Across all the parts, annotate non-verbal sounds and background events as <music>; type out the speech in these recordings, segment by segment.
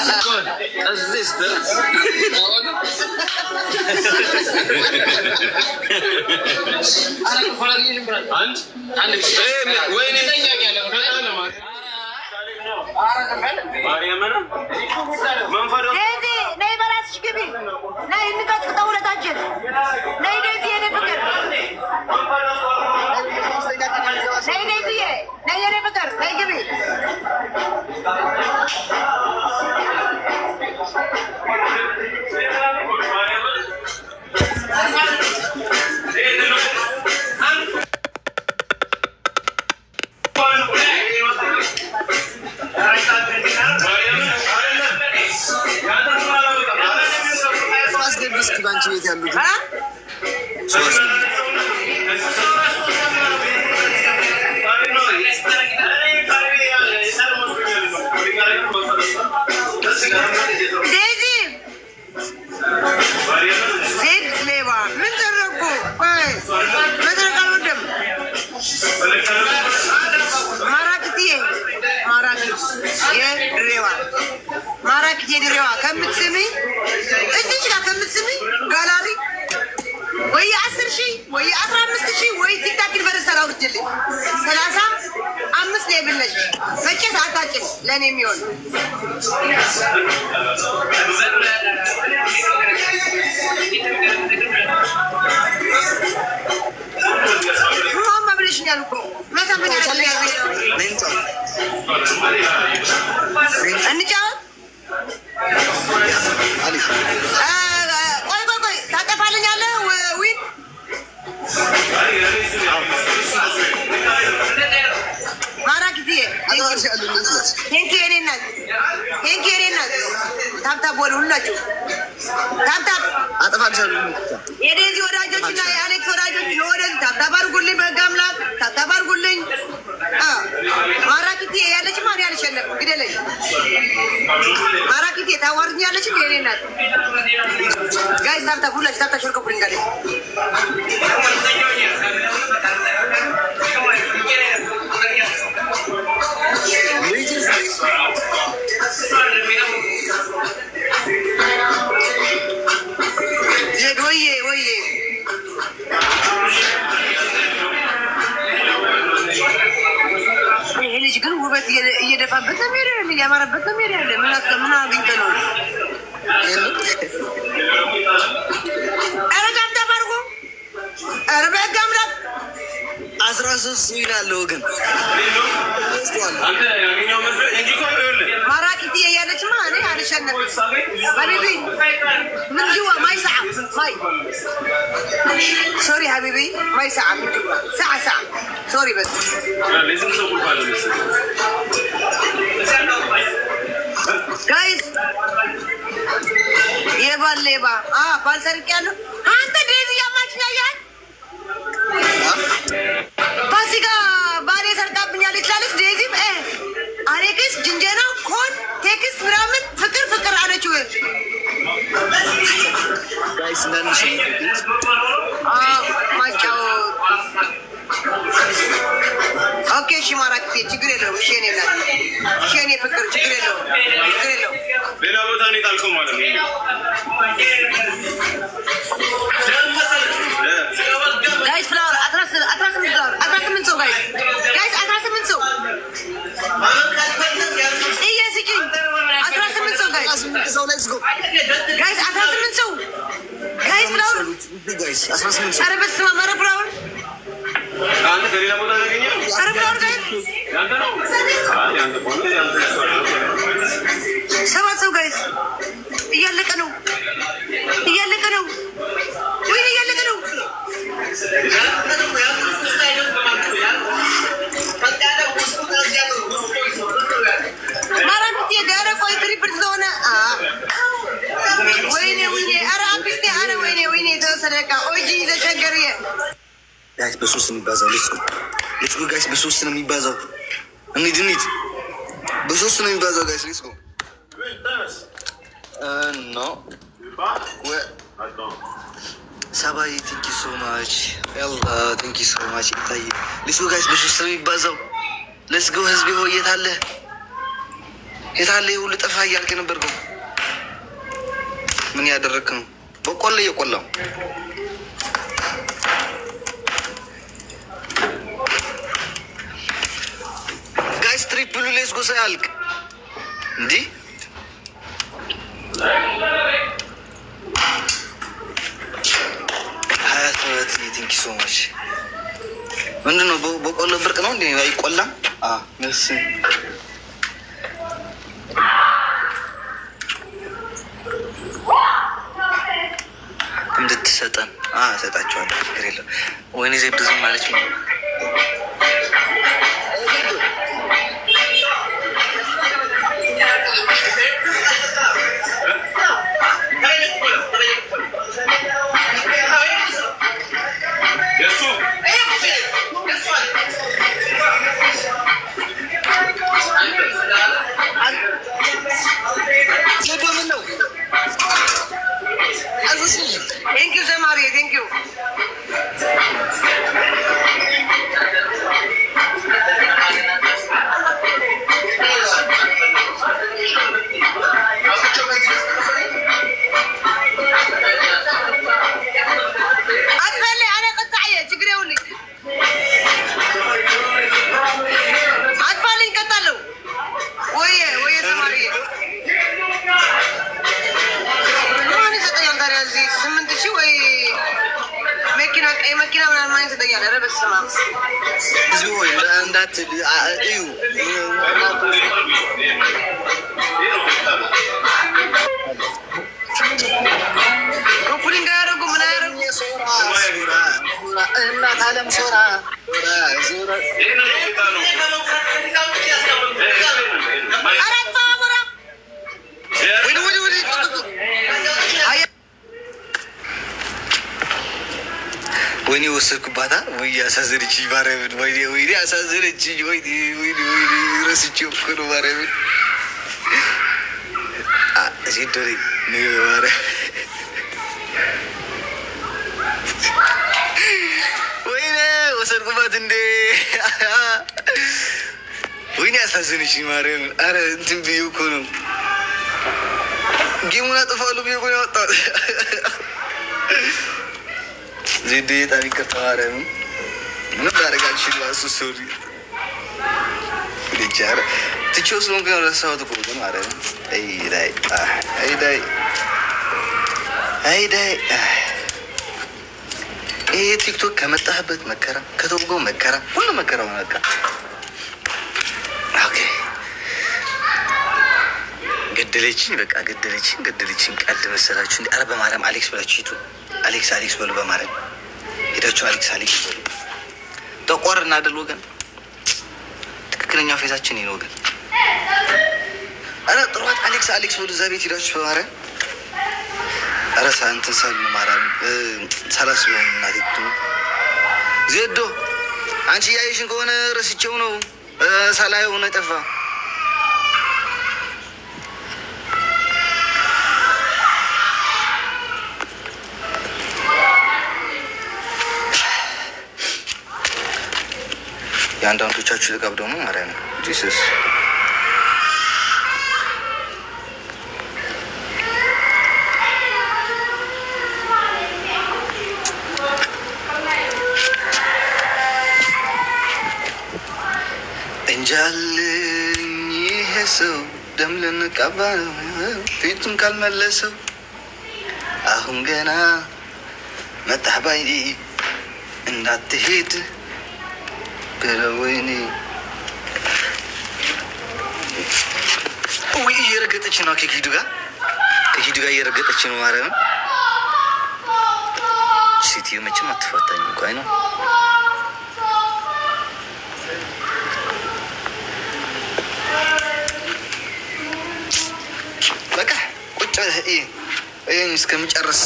God, as this does. አንድ ነይ በራስሽ ግቢ። ነይ እንቀጥቅጠው ሁለታችን። ነይ ነይ የኔ ፍቅር ነይ ነይ ብዬ ነይ የኔ ፍቅር ነይ ግቢ። ለእኔ የሚሆን ቆይ ታጠፋልኛለህ ዊን ታብታ ሁላችሁ ታብታ ሾልከ ቡሪንጋሌ እየደፋበት እየደፋበት ነው ሄደ ያለ እያማረበት ነው ሄደ ያለ ምን ምን አግኝተ ነው? ኧረ ጋብታ ባርጎ ኧረ በህግ አስራ ሶስት ይላለ ወገን ማራቂት እያለች ማ እኔ አልሸነፍ ሀቢቢ ምን ጅዋ ማይ ሰዓ ማይ ሶሪ ሀቢቢ ማይ ሰዓ ሰዓ ሰዓ ሶሪ በስ ሌባ ባልሰርቅ ያለው አንተ ዴዚ ያማችን ያያል ፋሲካ ባሌ ሰርቃብኛለች ላለች ዴዚ አሬክስ ጅንጀና ኮን ቴክስት ምናምን ፍቅር ፍቅር አለች ማጫወት ኦኬ እሺ፣ ማራኪ ችግር የለውም። እሺ፣ እኔ እናት እሺ፣ እኔ ፍቅር ችግር የለውም። ችግር የለውም። ሌላ ቦታ ነው የጣልከው ማለት ነው። ጋይስ ፍላወር አስራ ስምንት ሰው ጋይስ አስራ ስምንት ሰው ጋይስ አስራ ስምንት ሰው ጋይስ ፍላወር ሰባት ሰው ጋይስ እያለቀ ነው፣ እያለቀ ነው፣ ወይኔ እያለቀ ነው። ወይኔ ወይኔ ተሰደቃ ኦጂ ዘቸገር በሶስት የሚባዛው ልጅ ሌትስ ጎ ጋይስ። በሶስት ነው የሚባዛው። እንሂድ እንሂድ። በሶስት ነው የሚባዛው ጋይስ። ሌትስ ጎ ኖ ሰባይ ቲንኪ ሶ ማች ያላ ቲንኪ ሶ ማች። ይታይ ሌትስ ጎ ጋይስ። በሶስት ነው የሚባዛው። ሌትስ ጎ ህዝብ ሆይ የት አለ የት አለ? ሁሉ ጠፋ እያልክ ነበር። ምን ያደረግክ ነው? በቆላ እየቆላው ስትሪፕ ብሉሌስ ጎሳ ያልቅ እንዲህ ቲንክ ሶ ማች ምንድን ነው? በቆሎ ብርቅ ነው እንዲ አይቆላም። ህዝቢ ሆይ እንዳት እዩ እናት አለም ሶራ ወይኔ ወሰድኩባታ። ወይ አሳዘነችኝ ማርያምን፣ ወይኔ ወይኔ አሳዘነችኝ። ወይኔ ወይኔ ወይኔ ረስቼው እኮ ነው ማርያምን። ሴት ዶለኝ ወይኔ ወሰድኩባት እንዴ! ወይኔ አሳዘነችኝ ማርያምን። አረ እንትን ብዬ እኮ ነው ጌሙን አጠፋለሁ ብዬ እኮ ነው ያወጣሁት። ዜድ በጣም ይከፋዋል። ምንም ላደርግ አልችልም። እሱ ሶሪ ትቼው ስለሆንኩ ነው ረሳሁት እኮ ግን ማለት ነው። ይሄ ቲክቶክ ከመጣህበት መከራ ከተውጎ መከራ ሁሉ መከራ ሆነ ገደለችኝ በቃ ገደለችኝ ገደለችኝ። ቀልድ መሰላችሁ? እንደ ኧረ በማርያም አሌክስ ብላችሁ አሌክስ አሌክስ በሉ በማርያም ሄዳችሁ አሌክስ አሌክስ በሉ። ጠቆር እናደል ወገን፣ ትክክለኛው ፌዛችን ይሄን ወገን። ኧረ ጥሯት አሌክስ አሌክስ በሉ። እዛ ቤት ሄዳችሁ በማረ ኧረ እንትን ሰብ ማራ ሰላስ ቢሆን እናቴቱ ዜዶ አንቺ እያየሽን ከሆነ ረስቼው ነው ሳላየው ነው የጠፋ የአንዳንዶቻችሁ ጥጋብ ደግሞ ማርያ ነው። ጂሰስ እንጃልኝ ይሄ ሰው ደም ልንቀባ ፊቱን ካልመለሰው አሁን ገና መጣህ ባይ እንዳትሄድ ተቸገረ። ወይኔ ውይ፣ እየረገጠች ነው ከኪዱ ጋር ከኪዱ ጋር እየረገጠች ነው። ማርያምን ሴትዮ መቼም አትፋታኝ እንኳን ነው በቃ ቁጭ ይሄን እስከምጨርስ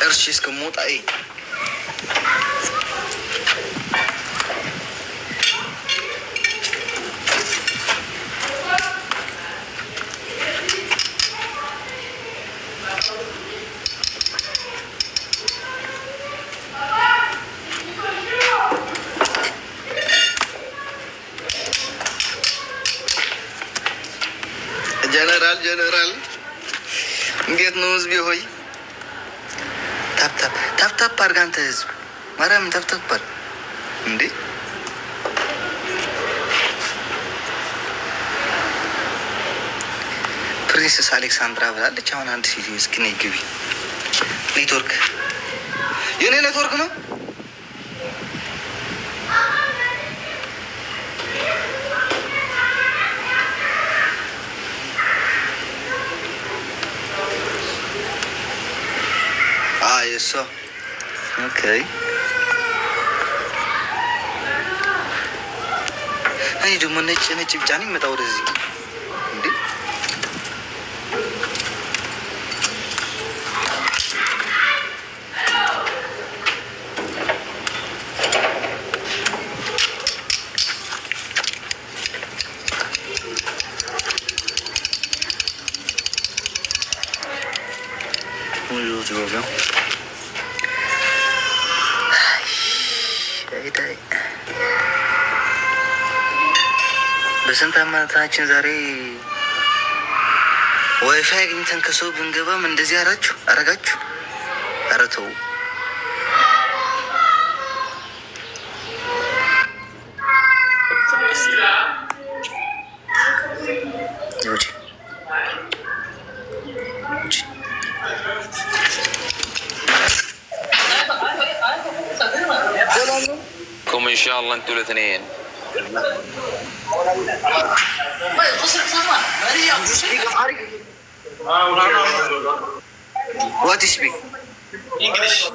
ጨርሼ እስከምወጣ ማርያምን ተብተባል እንዴ ፕሪንሰስ አሌክሳንድራ ብላለች። አሁን አንድ ሴት እስኪ ግቢ። ኔትወርክ የእኔ ኔትወርክ ነው። ኦኬ እኔ ደግሞ ነጭ ነጭ ብቻ ነው የምመጣ ወደዚህ እንዴ Bonjour, tu vas bien Aïe, aïe, aïe. የስንት አመታችን ዛሬ ዋይፋይ አግኝተን ከሰው ብንገባም እንደዚህ አራችሁ አረጋችሁ። ኧረ ተው ኩም ኢንሻአላህ እንትን ሁለት What is big? English.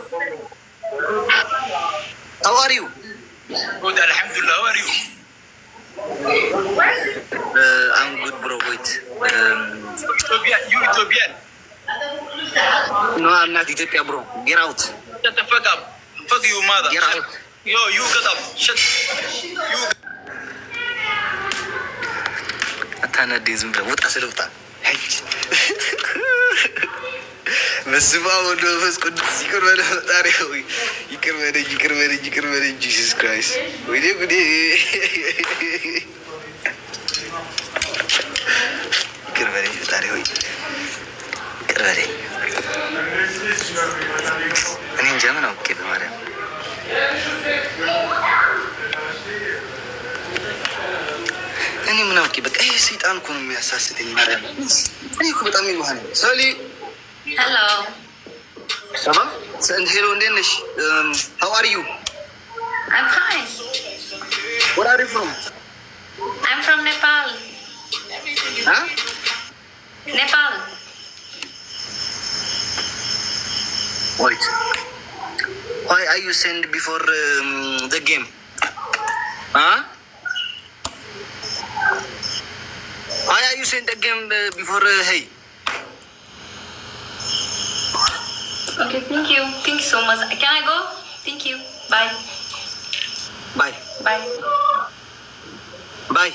How are you? Good, Alhamdulillah. How are you? Uh, I'm good, bro. Wait. Um, Ethiopian. You Ethiopian? No, I'm not Ethiopian, bro. Get out. Shut the fuck up. Fuck you, mother. Get out. Yo, you get up. Shut. You. አታናዴ፣ ዝም ብለህ ውጣ። ስለውጣ በስመ አብ ወወልድ ወመንፈስ ቅዱስ። ይቅር በለ ፈጣሪ፣ ይቅር በለኝ፣ ይቅር በለኝ፣ ይቅር በለኝ። ጂሱስ ክራይስት ወይኔ ጉዴ! ይቅር በለኝ ፈጣሪ፣ ይቅር በለኝ። እኔ እንጃ ምን አውቄ በማርያም እና ኦኬ በቃ ይሄ ሰይጣን እኮ ነው የሚያሳስተኝ። ማለት እኔ እኮ በጣም ይዋሃል። ሰሊ ሄሎ ሄሎ፣ እንዴት ነሽ? ሀው አር ዩ ወር አር ዩ ፍሮም? አይም ፍሮም ኔፓል ኔፓል። ወይት ዋይ አር ዩ ሴንድ ቢፎር ዘ ጌም አይ አዩ ሴንት አገም ቢፎር ሄይ ኦኬ ቲንክ ዩ ቲንክ ሶ ማች ካን አይ ጎ ቲንክ ዩ ባይ ባይ ባይ ባይ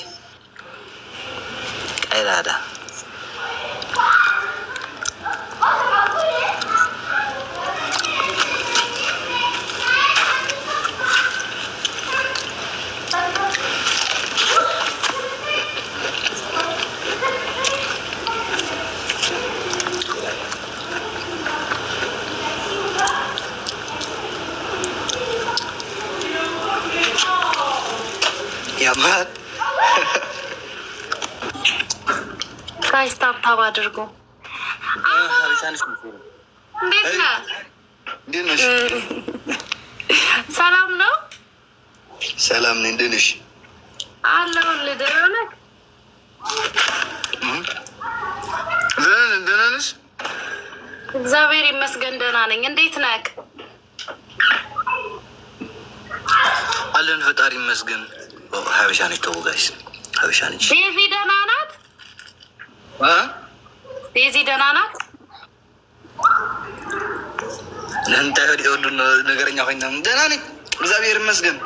ቀዳዳ እግዚአብሔር ይመስገን ደህና ነኝ። እንዴት ነህ? አለን ፈጣሪ ይመስገን። ሀበሻ ነች ተወጋሽ ሀበሻ ነች። ዴዚ ደህና ናት። ዴዚ ደህና ናት። ለንታወድ የወዱ ነገረኛ ሆኝ ደህና ነኝ እግዚአብሔር ይመስገን።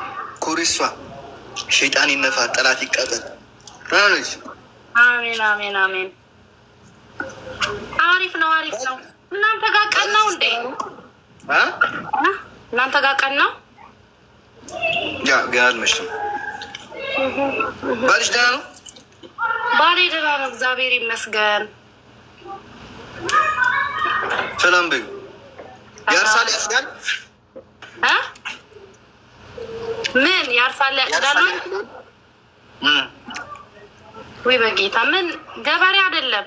ኩሪሷ ሸይጣን ይነፋ ጠላት ይቃጠል። አሜን አሜን አሜን። አሪፍ ነው አሪፍ ነው። እናንተ ጋር ቀን ነው እንዴ? እናንተ ጋር ቀን ነው ገና አልመሽም። ባልሽ ደህና ነው? ባሌ ደህና ነው፣ እግዚአብሔር ይመስገን። ሰላም በይው። ያርሳል ያጭዳል። ምን ያርሳል ያጭዳል? ወይ በጌታ ምን ገበሬ አይደለም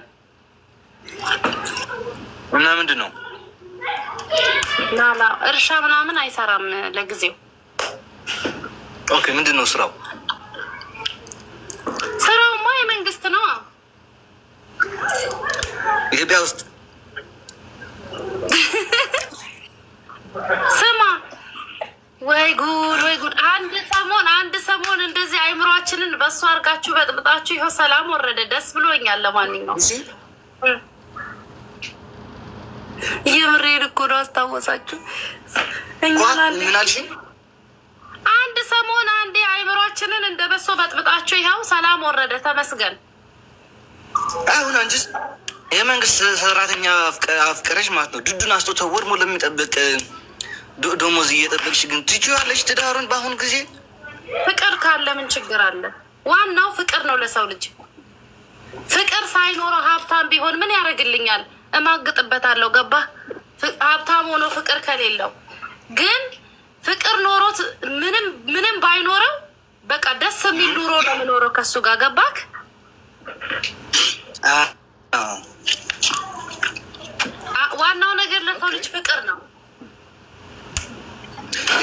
እና ምንድን ነው ላላ እርሻ ምናምን አይሰራም ለጊዜው። ኦኬ፣ ምንድን ነው ስራው? ስራውማ የመንግስት ነው ኢትዮጵያ ውስጥ። <laughs> ስማ፣ ወይ ጉድ፣ ወይ ጉድ! አንድ ሰሞን አንድ ሰሞን እንደዚህ አይምሯችንን በእሱ አድርጋችሁ በጥብጣችሁ፣ ይኸው ሰላም ወረደ። ደስ ብሎኛል። ለማንኛውም የምሬን እኮ ነው። አስታወሳችሁ? አንድ ሰሞን አንዴ አይምሯችንን እንደ በሶ በጥብጣችሁ ይኸው ሰላም ወረደ። ተመስገን አሁን እንጂ የመንግስት ሰራተኛ አፍቀረች ማለት ነው። ድዱን አስቶ ተወድሞ ለሚጠብቅ ዶሞዝ እየጠበቅሽ ግን ትችዋለች ትዳሩን። በአሁን ጊዜ ፍቅር ካለ ምን ችግር አለ? ዋናው ፍቅር ነው ለሰው ልጅ። ፍቅር ሳይኖረው ሀብታም ቢሆን ምን ያደርግልኛል? እማግጥበታለሁ። ገባ ሀብታም ሆኖ ፍቅር ከሌለው ግን ፍቅር ኖሮት ምንም ምንም ባይኖረው በቃ ደስ የሚል ኑሮ ነው የምኖረው ከሱ ጋር ገባክ። ዋናው ነገር ለሰው ልጅ ፍቅር ነው።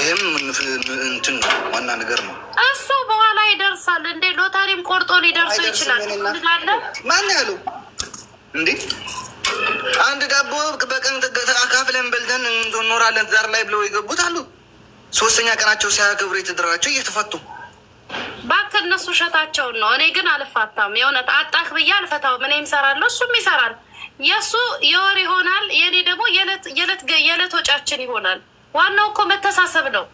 ይህም እንትን ዋና ነገር ነው። እሱ በኋላ ይደርሳል እንዴ ሎተሪም ቆርጦ ሊደርሱ ይችላል። ማን ያሉ እንዴ አንድ ዳቦ በቀን አካፍለን በልተን እንኖራለን ዛር ላይ ብለው ይገቡታሉ። ሶስተኛ ቀናቸው ሲያገብሩ የተደራቸው እየተፈቱ ባክ እነሱ እሸታቸውን ነው። እኔ ግን አልፋታም። የእውነት አጣክ ብዬ አልፈታውም። እኔም እሰራለሁ፣ እሱም ይሰራል። የእሱ የወር ይሆናል፣ የእኔ ደግሞ የዕለት ወጫችን ይሆናል። ዋናው እኮ መተሳሰብ ነው።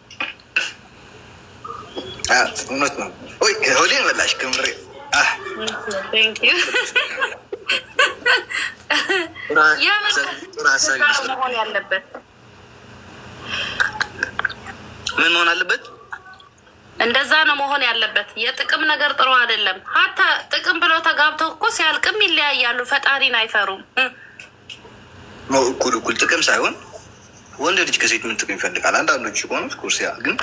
እውነት ነው። ሆዴን በላሽ ክምሬ መሆን ያለበት ምን መሆን አለበት? እንደዛ ነው መሆን ያለበት። የጥቅም ነገር ጥሩ አይደለም። ሀታ ጥቅም ብለው ተጋብተው እኮ ሲያልቅም ይለያያሉ። ፈጣሪን አይፈሩም። እኩል እኩል ጥቅም ሳይሆን ወንድ ልጅ ከሴት ምን ጥቅም ይፈልጋል? አንዳንዶች ሆኑ ኩርሲያ ግን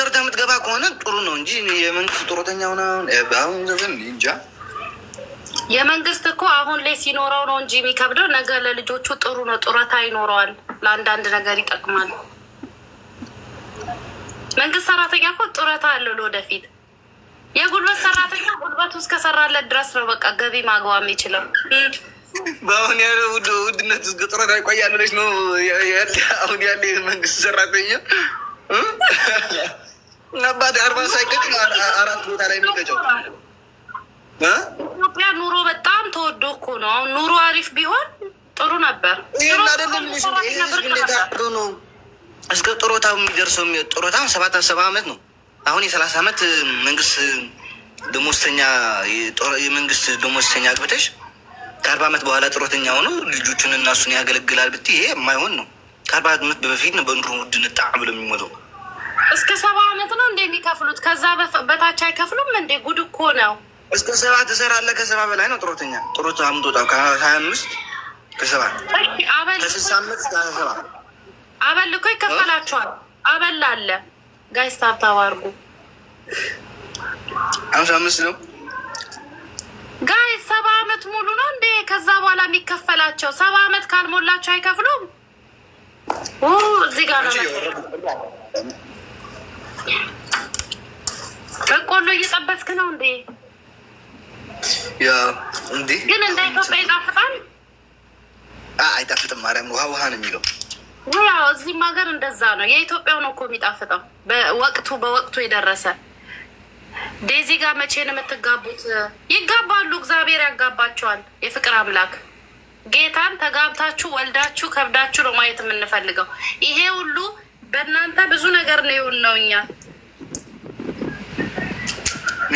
ተሰርታ የምትገባ ከሆነ ጥሩ ነው እንጂ የመንግስት ጡረተኛ ሆነ አሁን ዘዘን እንጃ። የመንግስት እኮ አሁን ላይ ሲኖረው ነው እንጂ የሚከብደው፣ ነገ ለልጆቹ ጥሩ ነው። ጡረታ ይኖረዋል፣ ለአንዳንድ ነገር ይጠቅማል። መንግስት ሰራተኛ እኮ ጡረታ አለው ለወደፊት። የጉልበት ሰራተኛ ጉልበቱ እስከሰራለት ድረስ ነው በቃ ገቢ ማግባ የሚችለው። በአሁን ያለ ውድነት እስከ ጡረታ ይቆያለች ነው አሁን ያለ የመንግስት ሰራተኛ ነባት አርባ ሳይክል አራት ቦታ ላይ የሚገጨው ኢትዮጵያ ኑሮ በጣም ተወዶ እኮ ነው። አሁን ኑሮ አሪፍ ቢሆን ጥሩ ነበር። እስከ የሚደርሰው ሰባት ሰባ አመት ነው። አሁን የሰላሳ አመት መንግስት ደሞዝተኛ የመንግስት ደሞዝተኛ አግብተሽ ከአርባ አመት በኋላ ጥሮተኛ ሆኖ ልጆቹን እና እሱን ያገለግላል ብትይ ይሄ የማይሆን ነው። ከአርባ አመት በፊት ነው በኑሮ ውድነት ጣም ብሎ የሚሞተው እስከ ሰባ አመት ነው እንደ የሚከፍሉት። ከዛ በታች አይከፍሉም እንዴ? ጉድ እኮ ነው። እስከ ሰባ ትሰራለህ። ከሰባ በላይ ነው ጥሮተኛ ጥሮት አምጦጣ ከሀያ አምስት ከሰባ ከስልሳ አመት ከሰባ አበል እኮ ይከፈላቸዋል። አበል አለ ጋይስ ታብታብ አድርጉ። አምሳ አምስት ነው ጋይ ሰባ አመት ሙሉ ነው እንዴ? ከዛ በኋላ የሚከፈላቸው ሰባ አመት ካልሞላቸው አይከፍሉም። እዚህ ጋር ነው በቆሎ እየጠበስክ ነው እንዴ? ያ እንዴ! ግን እንደ ኢትዮጵያ ይጣፍጣል? አይጣፍጥም። ማርያም ውሃ ውሃ ነው የሚለው። ያው እዚህም ሀገር እንደዛ ነው። የኢትዮጵያው ነው እኮ የሚጣፍጠው። በወቅቱ በወቅቱ የደረሰ ዴዚ ጋር መቼ ነው የምትጋቡት? ይጋባሉ። እግዚአብሔር ያጋባቸዋል። የፍቅር አምላክ ጌታን ተጋብታችሁ ወልዳችሁ ከብዳችሁ ነው ማየት የምንፈልገው ይሄ ሁሉ በእናንተ ብዙ ነገር ነው ይሁን ነው እኛ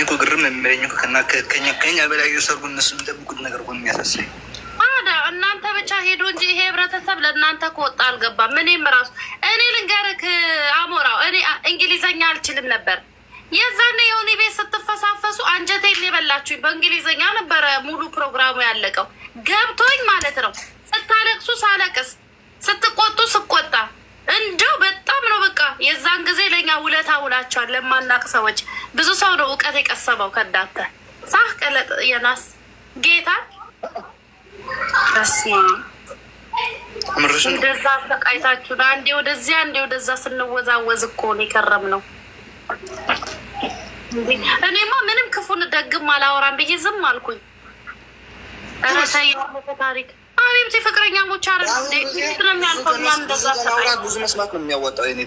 እኮ ግርም የሚለኝ ከና ከኛ ከኛ በላይ የሰርጉ እነሱ የሚጠብቁት ነገር እኮ የሚያሳስበኝ ታዲያ እናንተ ብቻ ሄዶ እንጂ ይሄ ህብረተሰብ ለእናንተ ከወጣ አልገባም። እኔም ራሱ እኔ ልንገርክ አሞራው እኔ እንግሊዘኛ አልችልም ነበር። የዛኔ የሆነ ቤት ስትፈሳፈሱ አንጀቴን የበላችሁኝ በእንግሊዘኛ ነበረ ሙሉ ፕሮግራሙ ያለቀው ገብቶኝ ማለት ነው። ስታለቅሱ ሳለቅስ፣ ስትቆጡ ስቆጣ እንደው በጣም ነው በቃ የዛን ጊዜ ለእኛ ውለታ ውላቸዋል። ለማናቅ ሰዎች ብዙ ሰው ነው እውቀት የቀሰመው ከዳተ ሳህ ቀለጥ የናስ ጌታ ረስ እንደዛ አሰቃይታችሁና አንዴ ወደዚያ አንዴ ወደዛ ስንወዛወዝ እኮ ነው የከረም ነው። እኔማ ምንም ክፉን ደግም አላወራም ብዬ ዝም አልኩኝ። ረሰ ታሪክ አቤም ፍቅረኛ ሞች አረ ነው የሚያልፈው ብዙ መስማት ነው የሚያወጣው